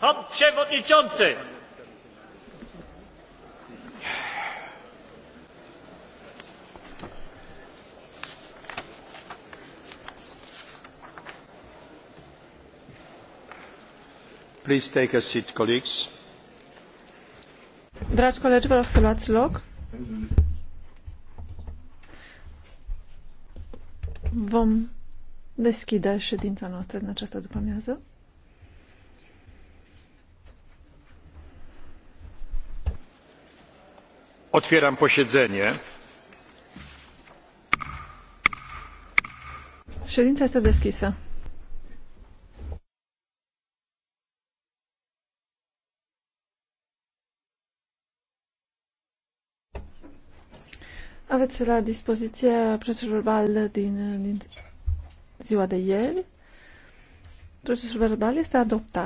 Pan przewodniczący! Please take a seat, colleagues. Dragi colegi, vă rog să luați loc. Vom deschide ședința noastră din această după amiază. otwieram posiedzenie ședința este deschisă aveți la dispoziție procesul verbal din, din ziua de ieri procesul verbal este adoptat